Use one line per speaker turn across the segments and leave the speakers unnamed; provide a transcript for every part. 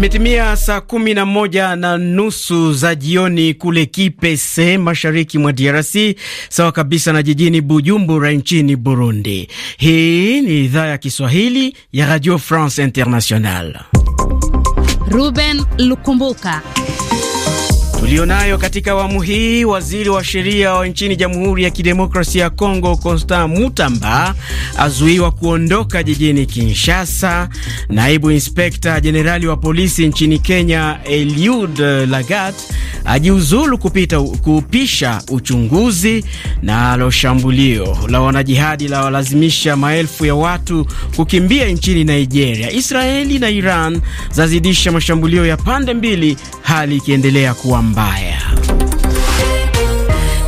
Imetimia saa kumi na moja na nusu za jioni kule kpc mashariki mwa DRC, sawa kabisa na jijini Bujumbura nchini Burundi. Hii ni idhaa ya Kiswahili ya Radio France International.
Ruben Lukumbuka
tulionayo katika awamu hii. Waziri wa sheria wa nchini Jamhuri ya Kidemokrasia ya Kongo, Constant Mutamba, azuiwa kuondoka jijini Kinshasa. Naibu inspekta jenerali wa polisi nchini Kenya, Eliud Lagat, ajiuzulu kupita, kupisha uchunguzi. Nalo shambulio la wanajihadi la walazimisha maelfu ya watu kukimbia nchini Nigeria. Israeli na Iran zazidisha mashambulio ya pande mbili, hali ikiendelea kuwa mbaya.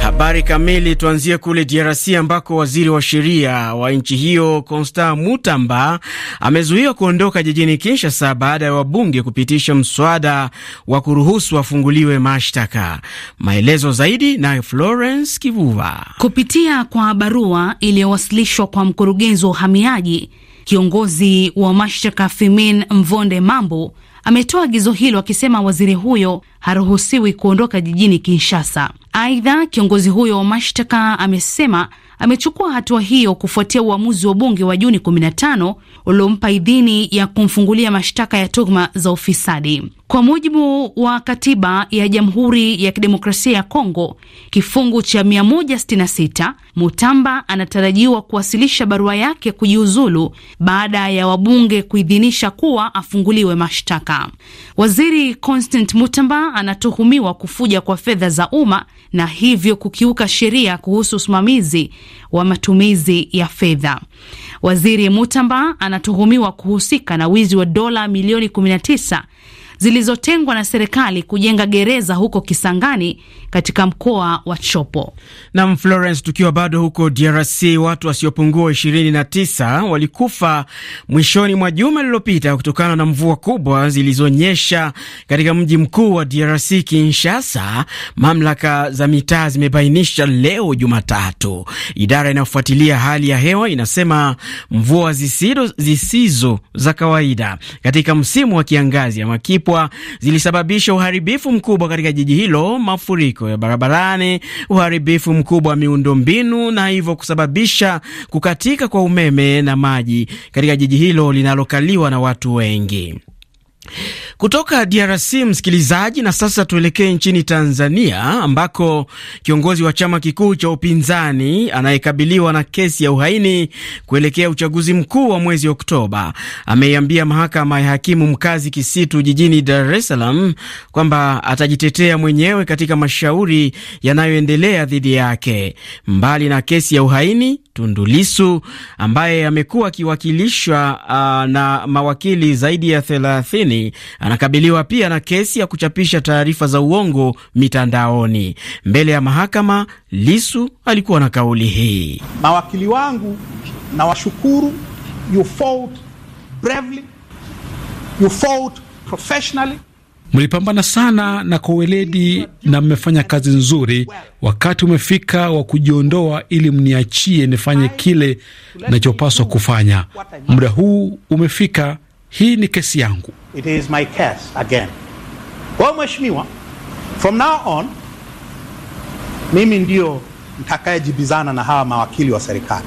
Habari kamili, tuanzie kule DRC ambako waziri wa sheria wa nchi hiyo Constant Mutamba amezuiwa kuondoka jijini Kinshasa baada ya wabunge kupitisha mswada wa kuruhusu wafunguliwe mashtaka. Maelezo zaidi nayo Florence Kivuva.
Kupitia kwa barua iliyowasilishwa kwa mkurugenzi wa uhamiaji, kiongozi wa mashtaka femin Mvonde Mambo ametoa agizo hilo akisema waziri huyo haruhusiwi kuondoka jijini Kinshasa. Aidha, kiongozi huyo wa mashtaka amesema amechukua hatua hiyo kufuatia uamuzi wa bunge wa Juni 15 uliompa idhini ya kumfungulia mashtaka ya tuhuma za ufisadi. Kwa mujibu wa katiba ya Jamhuri ya Kidemokrasia ya Kongo, kifungu cha 166, Mutamba anatarajiwa kuwasilisha barua yake kujiuzulu baada ya wabunge kuidhinisha kuwa afunguliwe mashtaka. Waziri Constant Mutamba anatuhumiwa kufuja kwa fedha za umma na hivyo kukiuka sheria kuhusu usimamizi wa matumizi ya fedha. Waziri Mutamba anatuhumiwa kuhusika na wizi wa dola milioni 19 zilizotengwa na serikali kujenga gereza huko Kisangani
katika mkoa wa Chopo. Nam Florence, tukiwa bado huko DRC, watu wasiopungua 29 walikufa mwishoni mwa juma lililopita kutokana na mvua kubwa zilizonyesha katika mji mkuu wa DRC, Kinshasa, mamlaka za mitaa zimebainisha leo Jumatatu. Idara inayofuatilia hali ya hewa inasema mvua zisizo, zisizo za kawaida katika msimu wa kiangazi ama kipo kubwa zilisababisha uharibifu mkubwa katika jiji hilo, mafuriko ya barabarani, uharibifu mkubwa wa miundombinu na hivyo kusababisha kukatika kwa umeme na maji katika jiji hilo linalokaliwa na watu wengi kutoka DRC msikilizaji. Na sasa tuelekee nchini Tanzania ambako kiongozi wa chama kikuu cha upinzani anayekabiliwa na kesi ya uhaini kuelekea uchaguzi mkuu wa mwezi Oktoba ameiambia mahakama ya hakimu mkazi Kisitu jijini Dar es Salaam kwamba atajitetea mwenyewe katika mashauri yanayoendelea dhidi yake. Mbali na kesi ya uhaini, Tundu Lissu ambaye amekuwa akiwakilishwa uh, na mawakili zaidi ya thelathini anakabiliwa pia na kesi ya kuchapisha taarifa za uongo mitandaoni. Mbele ya mahakama, Lissu alikuwa na kauli hii: mawakili wangu nawashukuru, you fought bravely, you fought
professionally Mlipambana sana na kwa uweledi na mmefanya kazi nzuri. Wakati umefika wa kujiondoa ili mniachie nifanye kile nachopaswa kufanya. Muda huu umefika, hii ni kesi yangu. It is my case again. Kwa mheshimiwa, from now on mimi ndio nitakayejibizana na hawa mawakili wa serikali.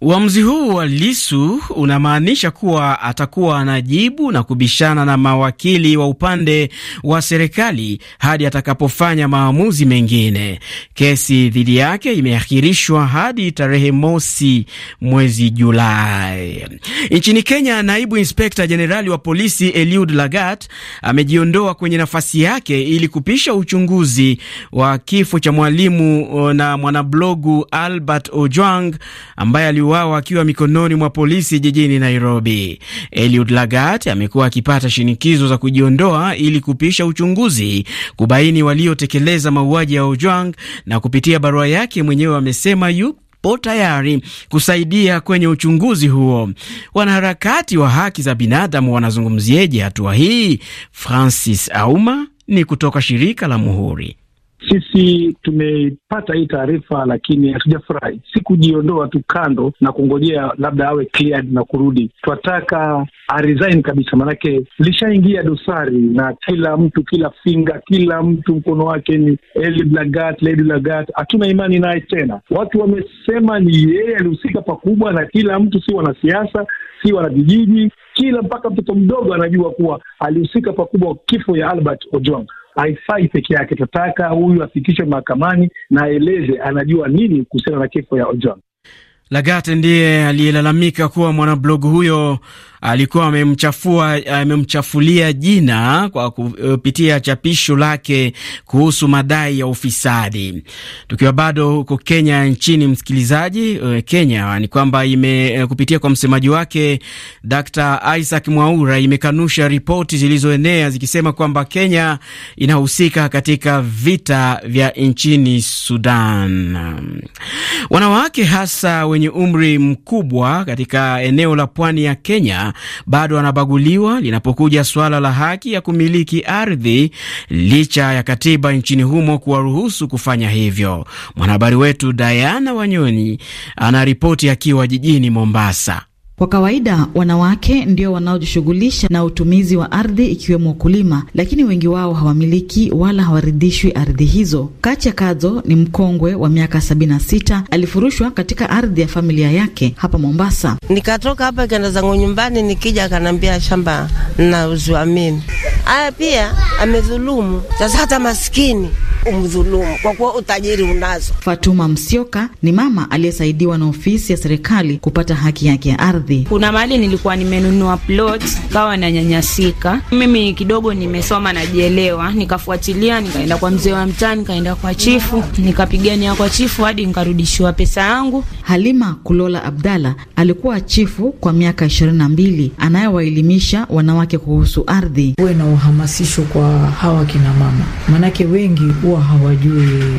Uamuzi huu wa Lisu unamaanisha kuwa atakuwa anajibu na kubishana na mawakili wa upande wa serikali hadi atakapofanya maamuzi mengine. Kesi dhidi yake imeahirishwa hadi tarehe mosi mwezi Julai. Nchini Kenya, naibu inspekta jenerali wa polisi Eliud Lagat amejiondoa kwenye nafasi yake ili kupisha uchunguzi wa kifo cha mwalimu eh, na mwanablogu Albert Ojwang ambaye ali aliuawa akiwa mikononi mwa polisi jijini Nairobi. Eliud Lagat amekuwa akipata shinikizo za kujiondoa ili kupisha uchunguzi kubaini waliotekeleza mauaji ya Ojwang, na kupitia barua yake mwenyewe amesema po tayari kusaidia kwenye uchunguzi huo. Wanaharakati wa haki za binadamu wanazungumzieje hatua hii? Francis Auma ni kutoka shirika la Muhuri.
Sisi tumepata hii taarifa, lakini hatujafurahi. Si kujiondoa tu kando na kungojea labda awe cleared na kurudi, twataka aresign kabisa, maanake lishaingia dosari na kila mtu, kila finga, kila mtu mkono wake ni Eli Lagat, Lady Lagat. Hatuna imani naye tena. Watu wamesema ni yeye alihusika pakubwa, na kila mtu, si wanasiasa, si wanavijiji, kila mpaka mtoto mdogo anajua kuwa alihusika pakubwa kifo ya Albert Ojwang haifai peke yake. Tunataka huyu afikishwe mahakamani na aeleze anajua nini kuhusiana na kifo ya Ojwang.
Lagat ndiye aliyelalamika kuwa mwanablogu huyo alikuwa amemchafua amemchafulia jina kwa kupitia chapisho lake kuhusu madai ya ufisadi. Tukiwa bado huko Kenya nchini, msikilizaji, eh, Kenya ni kwamba ime eh, kupitia kwa msemaji wake Dr. Isaac Mwaura imekanusha ripoti zilizoenea zikisema kwamba Kenya inahusika katika vita vya nchini Sudan. Wanawake hasa wenye umri mkubwa katika eneo la pwani ya Kenya bado anabaguliwa linapokuja suala la haki ya kumiliki ardhi licha ya katiba nchini humo kuwaruhusu kufanya hivyo. Mwanahabari wetu Diana Wanyoni anaripoti akiwa jijini Mombasa.
Kwa kawaida wanawake ndio wanaojishughulisha na utumizi wa ardhi ikiwemo ukulima, lakini wengi wao hawamiliki wala hawaridhishwi ardhi hizo. Kacha kazo ni mkongwe wa miaka sita alifurushwa katika ardhi ya familia yake hapa Mombasa. Nikatoka hapa kenda zangu nyumbani, nikija akanambia shamba na uzuamini. Aya, pia amedhulumu, sasa hata maskini umdhulumu kwa kuwa utajiri unazo. Fatuma Msioka ni mama aliyesaidiwa na ofisi ya serikali kupata haki yake ya ardhi ardhi. Kuna mahali nilikuwa nimenunua plot, kawa nanyanyasika. Mimi kidogo nimesoma, najielewa, nikafuatilia, nikaenda kwa mzee wa mtaa, nikaenda kwa chifu, nikapigania kwa chifu hadi nikarudishiwa pesa yangu. Halima Kulola Abdalla alikuwa chifu kwa miaka ishirini na mbili anayewaelimisha wanawake kuhusu ardhi. Uwe na uhamasisho kwa hawa kina mama, maanake wengi huwa hawajui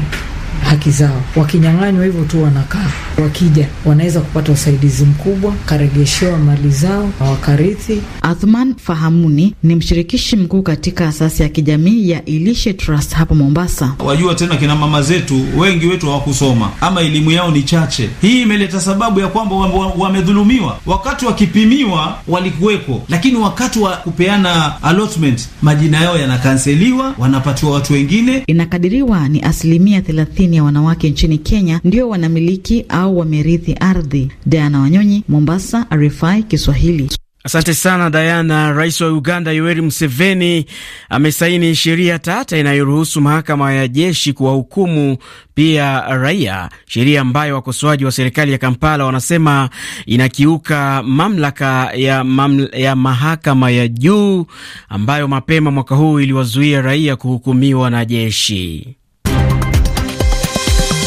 haki zao. Wakinyang'anywa hivyo tu wanakaa, wakija wanaweza kupata usaidizi mkubwa, karegeshewa mali zao na wakarithi. Athman Fahamuni ni mshirikishi mkuu katika asasi ya kijamii ya Ilishe Trust hapa Mombasa.
Wajua tena kina mama zetu wengi wetu hawakusoma ama elimu yao ni chache. Hii imeleta sababu ya kwamba
wamedhulumiwa, wakati wakipimiwa walikuwepo lakini wakati wa kupeana allotment majina yao yanakanseliwa, wanapatiwa watu wengine.
Inakadiriwa ni asilimia thelathini Mamilioni ya wanawake nchini Kenya ndio wanamiliki au wamerithi ardhi. Diana Wanyonyi, Mombasa, RFI Kiswahili.
Asante sana Diana. Rais wa Uganda Yoweri Museveni amesaini sheria tata inayoruhusu mahakama ya jeshi kuwahukumu pia raia, sheria ambayo wakosoaji wa serikali ya Kampala wanasema inakiuka mamlaka ya, mamla ya mahakama ya juu ambayo mapema mwaka huu iliwazuia raia kuhukumiwa na jeshi.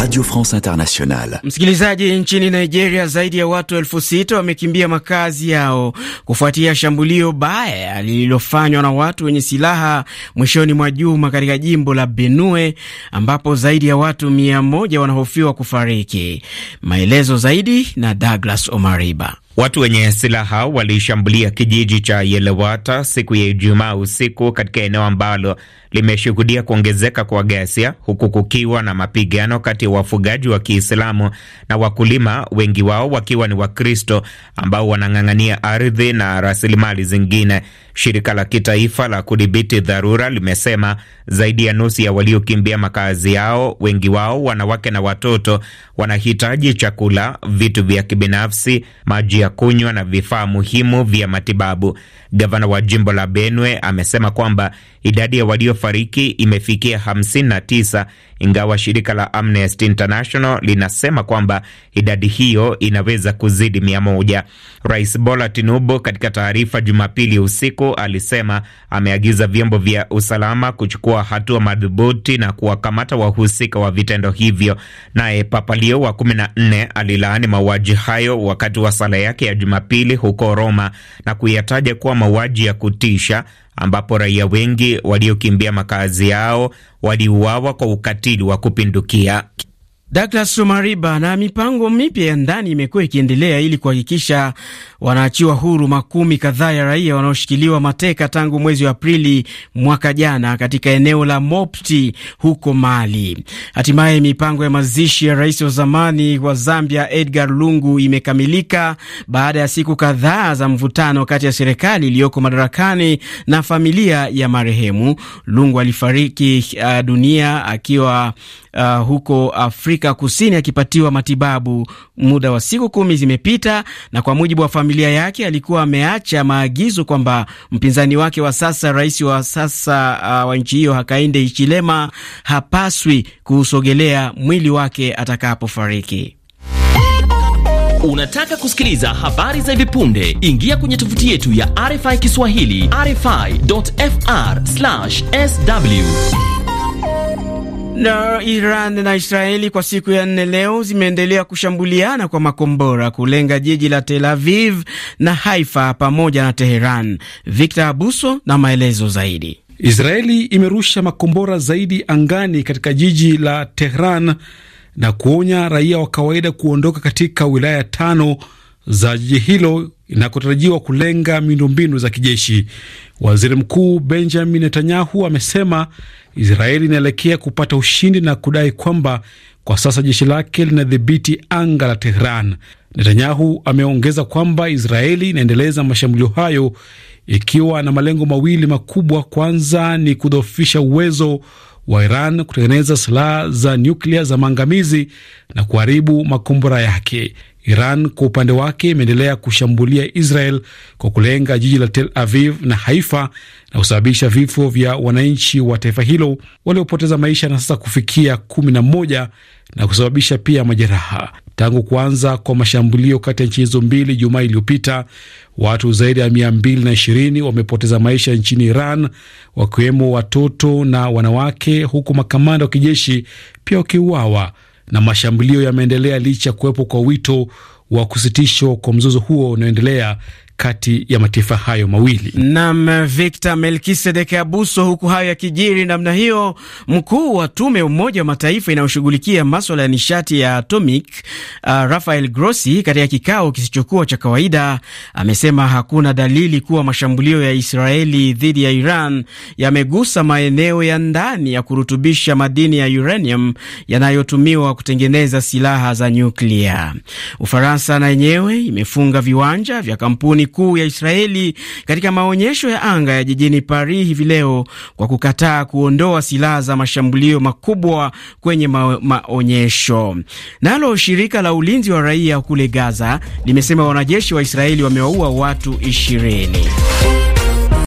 Radio France Internationale.
Msikilizaji, nchini Nigeria zaidi ya watu elfu sita wamekimbia makazi yao kufuatia shambulio baya lililofanywa na watu wenye silaha mwishoni mwa juma katika jimbo la Benue ambapo zaidi ya watu mia moja wanahofiwa kufariki. Maelezo zaidi na Douglas Omariba.
Watu wenye silaha walishambulia kijiji cha Yelewata siku ya Ijumaa usiku katika eneo ambalo limeshuhudia kuongezeka kwa ghasia, huku kukiwa na mapigano kati ya wafugaji wa Kiislamu na wakulima, wengi wao wakiwa ni Wakristo ambao wanang'ang'ania ardhi na rasilimali zingine. Shirika la kitaifa la kudhibiti dharura limesema zaidi ya nusu ya waliokimbia makazi yao, wengi wao wanawake na watoto, wanahitaji chakula, vitu vya kibinafsi, maji vya kunywa na vifaa muhimu vya matibabu. Gavana wa jimbo la Benue amesema kwamba idadi ya waliofariki imefikia 59 ingawa shirika la Amnesty International linasema kwamba idadi hiyo inaweza kuzidi mia moja. Rais Bola Tinubu katika taarifa Jumapili usiku alisema ameagiza vyombo vya usalama kuchukua hatua madhubuti na kuwakamata wahusika wa vitendo hivyo. Naye Papa Leo wa 14 alilaani mauaji hayo wakati wa sala yake ya Jumapili huko Roma na kuyataja kuwa mauaji ya kutisha ambapo raia wengi waliokimbia makazi yao waliuawa kwa ukatili wa kupindukia.
Douglas Omariba. Na mipango mipya ya ndani imekuwa ikiendelea ili kuhakikisha wanaachiwa huru makumi kadhaa ya raia wanaoshikiliwa mateka tangu mwezi wa Aprili mwaka jana katika eneo la Mopti huko Mali. Hatimaye mipango ya mazishi ya rais wa zamani wa Zambia Edgar Lungu imekamilika baada ya siku kadhaa za mvutano kati ya serikali iliyoko madarakani na familia ya marehemu. Lungu alifariki uh, dunia akiwa uh, huko Afrika Kusini akipatiwa matibabu. Muda wa siku kumi zimepita na kwa mujibu wa familia familia yake alikuwa ameacha maagizo kwamba mpinzani wake wa sasa, rais wa sasa uh, wa nchi hiyo Hakainde Hichilema hapaswi kuusogelea mwili wake atakapofariki. Unataka kusikiliza habari za hivi punde? Ingia kwenye tovuti yetu ya RFI Kiswahili, rfi.fr/sw. Na Iran na Israeli kwa siku ya nne leo zimeendelea kushambuliana kwa makombora kulenga jiji la Tel Aviv na Haifa pamoja na Teheran. Victor Abuso na maelezo zaidi. Israeli imerusha makombora zaidi angani
katika jiji la Tehran na kuonya raia wa kawaida kuondoka katika wilaya tano za jiji hilo inakotarajiwa kulenga miundombinu za kijeshi. Waziri Mkuu Benjamin Netanyahu amesema Israeli inaelekea kupata ushindi na kudai kwamba kwa sasa jeshi lake linadhibiti anga la Tehran. Netanyahu ameongeza kwamba Israeli inaendeleza mashambulio hayo ikiwa na malengo mawili makubwa. Kwanza ni kudhoofisha uwezo wa Iran kutengeneza silaha za nyuklia za maangamizi na kuharibu makombora yake. Iran kwa upande wake imeendelea kushambulia Israel kwa kulenga jiji la Tel Aviv na Haifa na kusababisha vifo vya wananchi wa taifa hilo waliopoteza maisha na sasa kufikia kumi na moja na kusababisha pia majeraha. Tangu kuanza kwa mashambulio kati ya nchi hizo mbili Jumaa iliyopita, watu zaidi ya mia mbili na ishirini wamepoteza maisha nchini Iran, wakiwemo watoto na wanawake, huku makamanda wa kijeshi pia wakiuawa na mashambulio yameendelea licha ya kuwepo kwa wito wa kusitishwa kwa mzozo huo unaoendelea kati ya mataifa hayo mawili. Nam
Victor Melkisedeke Abuso. Huku hayo yakijiri namna hiyo, mkuu wa tume ya Umoja wa Mataifa inayoshughulikia maswala ya nishati ya atomic uh, Rafael Grossi katika kikao kisichokuwa cha kawaida amesema hakuna dalili kuwa mashambulio ya Israeli dhidi ya Iran yamegusa maeneo ya ndani ya kurutubisha madini ya uranium yanayotumiwa kutengeneza silaha za nyuklia. Ufaransa na yenyewe imefunga viwanja vya kampuni kuu ya Israeli katika maonyesho ya anga ya jijini Paris hivi leo kwa kukataa kuondoa silaha za mashambulio makubwa kwenye ma maonyesho. Nalo shirika la ulinzi wa raia kule Gaza limesema wanajeshi wa Israeli wamewaua watu ishirini.